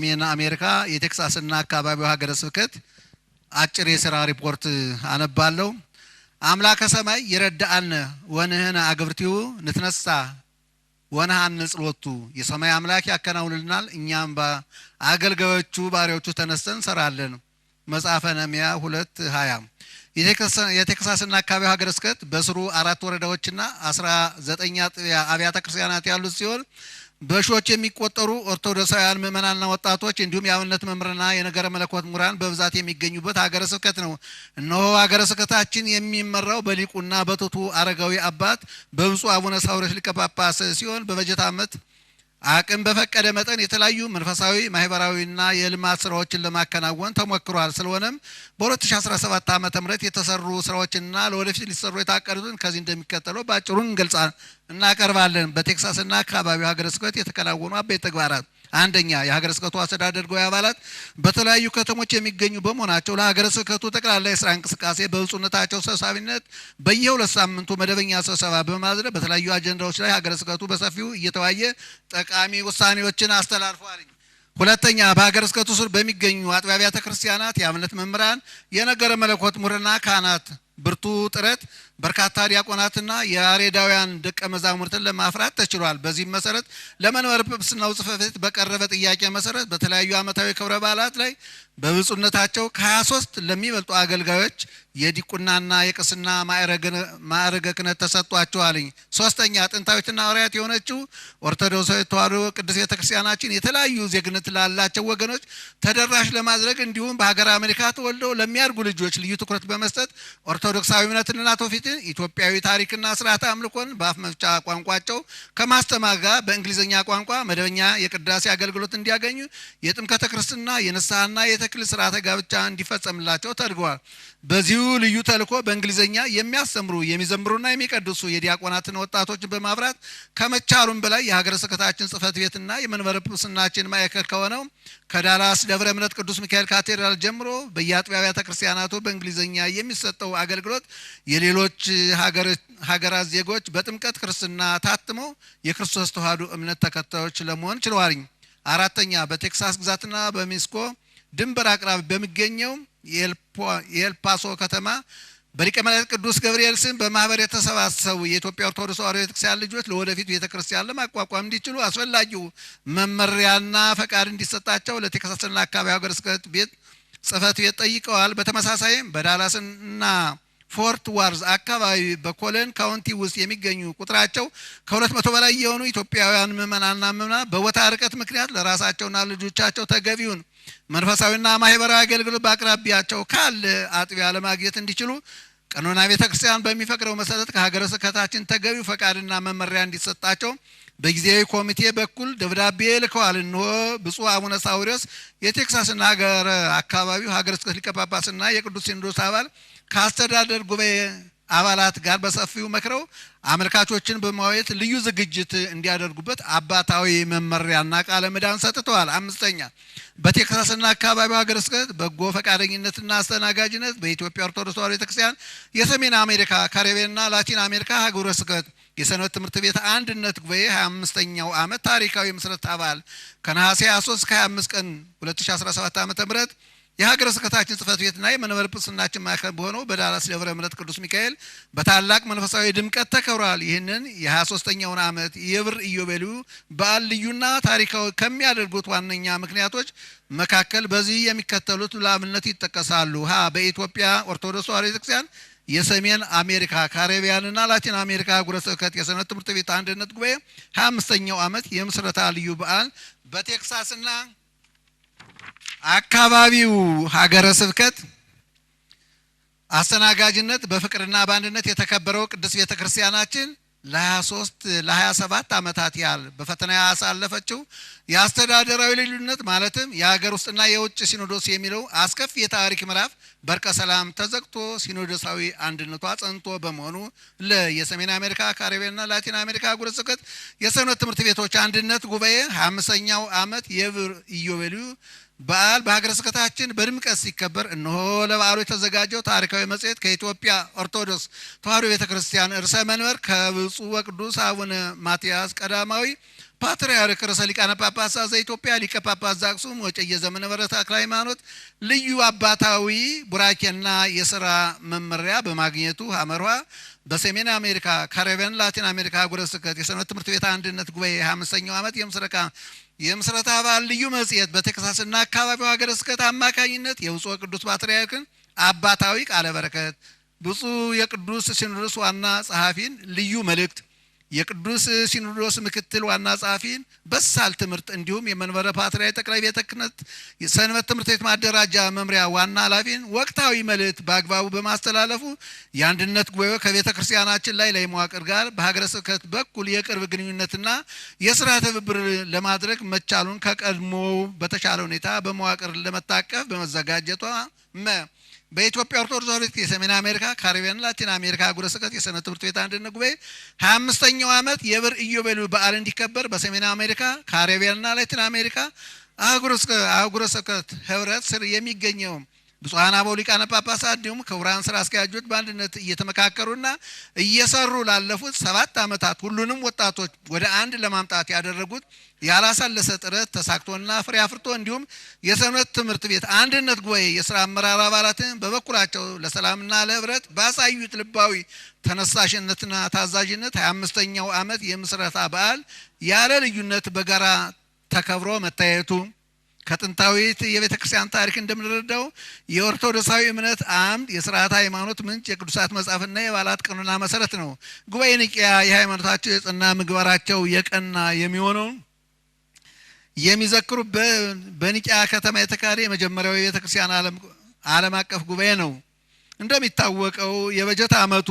በሰሜን አሜሪካ የቴክሳስና አካባቢው ሀገረ ስብከት አጭር የስራ ሪፖርት አነባለሁ። አምላከ ሰማይ ይረዳአነ ወንህነ አግብርቲሁ ንትነሳ ወነሃን ጽሎቱ የሰማይ አምላክ ያከናውንልናል፣ እኛም አገልጋዮቹ ባሪያዎቹ ተነስተን እንሰራለን። መጽሐፈ ነህምያ ሁለት ሀያ የቴክሳስና አካባቢው ሀገረ ስብከት በስሩ አራት ወረዳዎችና አስራ ዘጠኝ አጥቢያ አብያተ ክርስቲያናት ያሉት ሲሆን በሺዎች የሚቆጠሩ ኦርቶዶክሳውያን ምዕመናንና ወጣቶች እንዲሁም የአብነት መምህርና የነገረ መለኮት ምሁራን በብዛት የሚገኙበት ሀገረ ስብከት ነው። እነሆ ሀገረ ስብከታችን የሚመራው በሊቁና በትቱ አረጋዊ አባት በብፁዕ አቡነ ሳዊሮስ ሊቀ ጳጳስ ሲሆን በበጀት ዓመት አቅም በፈቀደ መጠን የተለያዩ መንፈሳዊ ማህበራዊና የልማት ስራዎችን ለማከናወን ተሞክሯል። ስለሆነም በ2017 ዓ ም የተሰሩ ስራዎችና ለወደፊት ሊሰሩ የታቀዱትን ከዚህ እንደሚከተለው በአጭሩ እንገልጻ እናቀርባለን። በቴክሳስና አካባቢው ሀገረ ስብከት የተከናወኑ አበይት ተግባራት አንደኛ የሀገረ ስብከቱ አስተዳደር ጉባኤ አባላት በተለያዩ ከተሞች የሚገኙ በመሆናቸው ለሀገረ ስብከቱ ጠቅላላ የስራ እንቅስቃሴ በብፁዕነታቸው ሰብሳቢነት በየሁለት ሳምንቱ መደበኛ ስብሰባ በማድረግ በተለያዩ አጀንዳዎች ላይ ሀገረ ስብከቱ በሰፊው እየተወያየ ጠቃሚ ውሳኔዎችን አስተላልፏል። ሁለተኛ በሀገረ ስብከቱ ስር በሚገኙ አጥቢያ አብያተ ክርስቲያናት የአብነት መምህራን፣ የነገረ መለኮት ሙርና ካህናት ብርቱ ጥረት በርካታ ዲያቆናትና የአሬዳውያን ደቀ መዛሙርትን ለማፍራት ተችሏል። በዚህም መሰረት ለመንበረ ጵጵስናው ጽሕፈት ቤት በቀረበ ጥያቄ መሰረት በተለያዩ ዓመታዊ ክብረ በዓላት ላይ በብፁዕነታቸው ከ23 ለሚበልጡ አገልጋዮች የዲቁናና የቅስና ማዕረገ ክህነት ተሰጥቷቸዋልኝ። ሶስተኛ ጥንታዊትና ሐዋርያት የሆነችው ኦርቶዶክሳዊ ተዋሕዶ ቅድስት ቤተ ክርስቲያናችን የተለያዩ ዜግነት ላላቸው ወገኖች ተደራሽ ለማድረግ እንዲሁም በሀገር አሜሪካ ተወልደው ለሚያድጉ ልጆች ልዩ ትኩረት በመስጠት ኦርቶዶክሳዊ እምነትንና ትውፊትን ኢትዮጵያዊ ታሪክና ስርዓተ አምልኮን በአፍ መፍቻ ቋንቋቸው ከማስተማር ጋር በእንግሊዝኛ ቋንቋ መደበኛ የቅዳሴ አገልግሎት እንዲያገኙ፣ የጥምቀተ ክርስትና የንስሐና የተክል ስርዓተ ጋብቻ እንዲፈጸምላቸው ተደርገዋል። በዚሁ ልዩ ተልእኮ በእንግሊዝኛ የሚያስተምሩ የሚዘምሩና የሚቀድሱ የዲያቆናትን ወጣቶችን በማፍራት ከመቻሉም በላይ የሀገረ ስብከታችን ጽሕፈት ቤትና የመንበረ ጵጵስናችን ማዕከል ከሆነው ከዳላስ ደብረ እምነት ቅዱስ ሚካኤል ካቴድራል ጀምሮ በየአጥቢያ ቤተ ክርስቲያናቱ በእንግሊዝኛ የሚሰጠው አገልግሎት የሌሎች ሌሎች ሀገራት ዜጎች በጥምቀት ክርስትና ታትመው የክርስቶስ ተዋህዶ እምነት ተከታዮች ለመሆን ችለዋልኝ። አራተኛ በቴክሳስ ግዛትና በሜክሲኮ ድንበር አቅራቢ በሚገኘው የኤልፓሶ ከተማ በሊቀ መላእክት ቅዱስ ገብርኤል ስም በማህበር የተሰባሰቡ የኢትዮጵያ ኦርቶዶክስ ተዋሕዶ ቤተክርስቲያን ልጆች ለወደፊት ቤተክርስቲያን ለማቋቋም እንዲችሉ አስፈላጊው መመሪያና ፈቃድ እንዲሰጣቸው ለቴክሳስና አካባቢ ሀገረ ስብከት ቤት ጽሕፈት ቤት ጠይቀዋል። በተመሳሳይም በዳላስና ፎርት ዋርዝ አካባቢ በኮለን ካውንቲ ውስጥ የሚገኙ ቁጥራቸው ከሁለት መቶ በላይ የሆኑ ኢትዮጵያውያን ምዕመናንና ምዕመናን በቦታ ርቀት ምክንያት ለራሳቸውና ልጆቻቸው ተገቢውን መንፈሳዊና ማህበራዊ አገልግሎት በአቅራቢያቸው ካለ አጥቢያ ለማግኘት እንዲችሉ ቀኖና ቤተ ክርስቲያን በሚፈቅደው መሰረት ከሀገረ ስብከታችን ተገቢው ፈቃድና መመሪያ እንዲሰጣቸው በጊዜያዊ ኮሚቴ በኩል ደብዳቤ ልከዋል። እንሆ ብፁዕ አቡነ ሳዊሮስ የቴክሳስና ሀገረ አካባቢው ሀገረ ስብከት ሊቀ ጳጳስና የቅዱስ ሲኖዶስ አባል ከአስተዳደር ጉባኤ አባላት ጋር በሰፊው መክረው አመልካቾችን በማየት ልዩ ዝግጅት እንዲያደርጉበት አባታዊ መመሪያና ቃለ ምዕዳን ሰጥተዋል። አምስተኛ በቴክሳስና አካባቢው ሀገረ ስብከት በጎ ፈቃደኝነትና አስተናጋጅነት በኢትዮጵያ ኦርቶዶክስ ተዋሕዶ ቤተክርስቲያን የሰሜን አሜሪካ ካሪቢያንና ላቲን አሜሪካ ሀገረ ስብከት የሰንበት ትምህርት ቤት አንድነት ጉባኤ 25ኛው ዓመት ታሪካዊ ምስረት አባል ከነሐሴ 23 እስከ 25 ቀን 2017 ዓ.ም የሀገረ ስብከታችን ጽሕፈት ቤትና የመንበረ ጵጵስናችን ማዕከል በሆነው በዳላስ ደብረ ምሕረት ቅዱስ ሚካኤል በታላቅ መንፈሳዊ ድምቀት ተከብረዋል። ይህንን የ23ኛውን ዓመት የብር ኢዮቤልዩ በዓል ልዩና ታሪካዊ ከሚያደርጉት ዋነኛ ምክንያቶች መካከል በዚህ የሚከተሉት ለአብነት ይጠቀሳሉ። ሀ በኢትዮጵያ ኦርቶዶክስ ተዋሕዶ ቤተክርስቲያን የሰሜን አሜሪካ ካሪቢያንና ላቲን አሜሪካ አህጉረ ስብከት የሰንበት ትምህርት ቤት አንድነት ጉባኤ 25ኛው ዓመት የምስረታ ልዩ በዓል በቴክሳስና አካባቢው ሀገረ ስብከት አስተናጋጅነት በፍቅርና በአንድነት የተከበረው ቅዱስ ቤተ ክርስቲያናችን ለ23 ለ27 ዓመታት ያህል በፈተና ያሳለፈችው የአስተዳደራዊ ልዩነት ማለትም የሀገር ውስጥና የውጭ ሲኖዶስ የሚለው አስከፊ የታሪክ ምዕራፍ በርቀ ሰላም ተዘግቶ ሲኖዶሳዊ አንድነቷ ጸንቶ በመሆኑ ለየሰሜን አሜሪካ ካሪቢያንና ላቲን አሜሪካ አህጉረ ስብከት የሰንበት ትምህርት ቤቶች አንድነት ጉባኤ 25ኛው ዓመት ኢዮቤልዩ በዓል በሀገረ ስብከታችን በድምቀት ሲከበር እነሆ ለበዓሉ የተዘጋጀው ታሪካዊ መጽሔት ከኢትዮጵያ ኦርቶዶክስ ተዋሕዶ ቤተ ክርስቲያን ርዕሰ መንበር ከብፁዕ ወቅዱስ አቡነ ማትያስ ቀዳማዊ ፓትርያርክ ርዕሰ ሊቃነ ጳጳሳት ዘኢትዮጵያ ሊቀ ጳጳስ ዘአክሱም ወዕጨጌ ዘመንበረ ተክለ ሃይማኖት ልዩ አባታዊ ቡራኬና የሥራ መመሪያ በማግኘቱ ሐመርኋ በሰሜን አሜሪካ ካሪቢያን ላቲን አሜሪካ አህጉረ ስብከት የሰንበት ትምህርት ቤት አንድነት ጉባኤ 25ኛው ዓመት የምስረታ የምስረታ በዓል ልዩ መጽሔት በቴክሳስና አካባቢው ሀገረ ስብከት አማካኝነት የብፁዕ ቅዱስ ፓትርያርክን አባታዊ ቃለ በረከት ብፁዕ የቅዱስ ሲኖዶስ ዋና ጸሐፊን ልዩ መልእክት የቅዱስ ሲኖዶስ ምክትል ዋና ጸሐፊን በሳል ትምህርት እንዲሁም የመንበረ ፓትርያርክ ጠቅላይ ቤተ ክህነት የሰንበት ትምህርት ቤት ማደራጃ መምሪያ ዋና ኃላፊን ወቅታዊ መልእክት በአግባቡ በማስተላለፉ የአንድነት ጉባኤ ከቤተ ክርስቲያናችን ላይ ላይ መዋቅር ጋር በሀገረ ስብከት በኩል የቅርብ ግንኙነትና የስራ ትብብር ለማድረግ መቻሉን ከቀድሞው በተሻለ ሁኔታ በመዋቅር ለመታቀፍ በመዘጋጀቷ በኢትዮጵያ ኦርቶዶክስ ተዋሕዶ የሰሜን አሜሪካ ካሪቢያን፣ ላቲን አሜሪካ አህጉረ ስብከት የሰንበት ትምህርት ቤት አንድነት ጉባኤ 25ኛው ዓመት የብር ኢዮቤልዩ በዓል እንዲከበር በሰሜን አሜሪካ ካሪቢያንና ላቲን አሜሪካ አህጉረ ስብከት ህብረት ስር የሚገኘው ብፁዓን አበው ሊቃነ ጳጳሳት እንዲሁም ክቡራን ስራ አስኪያጆች በአንድነት እየተመካከሩና እየሰሩ ላለፉት ሰባት ዓመታት ሁሉንም ወጣቶች ወደ አንድ ለማምጣት ያደረጉት ያላሳለሰ ጥረት ተሳክቶና ፍሬ አፍርቶ እንዲሁም የሰንበት ትምህርት ቤት አንድነት ጉባኤ የስራ አመራር አባላትን በበኩላቸው ለሰላምና ለህብረት ባሳዩት ልባዊ ተነሳሽነትና ታዛዥነት 25ኛው ዓመት የምስረታ በዓል ያለ ልዩነት በጋራ ተከብሮ መታየቱ ከጥንታዊት የቤተ ክርስቲያን ታሪክ እንደምንረዳው የኦርቶዶክሳዊ እምነት አምድ የስርዓት ሃይማኖት ምንጭ የቅዱሳት መጽሐፍና የበዓላት ቀኖና መሰረት ነው። ጉባኤ ኒቅያ የሃይማኖታቸው የጽና ምግባራቸው የቀና የሚሆነው የሚዘክሩ በኒቅያ ከተማ የተካሄደ የመጀመሪያው የቤተ ክርስቲያን ዓለም አቀፍ ጉባኤ ነው። እንደሚታወቀው የበጀት ዓመቱ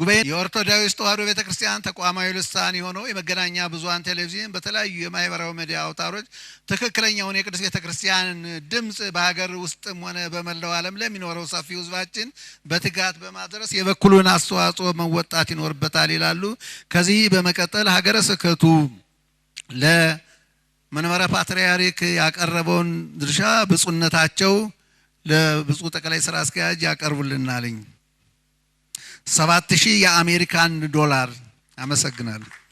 ጉባኤ የኦርቶዶክስ ተዋሕዶ ቤተ ክርስቲያን ተቋማዊ ልሳን የሆነው የመገናኛ ብዙሀን ቴሌቪዥን በተለያዩ የማህበራዊ ሚዲያ አውታሮች ትክክለኛውን የቅዱስ ቤተ ክርስቲያንን ድምፅ በሀገር ውስጥም ሆነ በመላው ዓለም ለሚኖረው ሰፊ ህዝባችን በትጋት በማድረስ የበኩሉን አስተዋጽኦ መወጣት ይኖርበታል ይላሉ። ከዚህ በመቀጠል ሀገረ ስብከቱ ለመንበረ ፓትርያርክ ያቀረበውን ድርሻ ብፁዕነታቸው ለብፁዕ ጠቅላይ ስራ አስኪያጅ ያቀርቡልናልኝ። ሰባት ሺህ የአሜሪካን ዶላር። አመሰግናለሁ።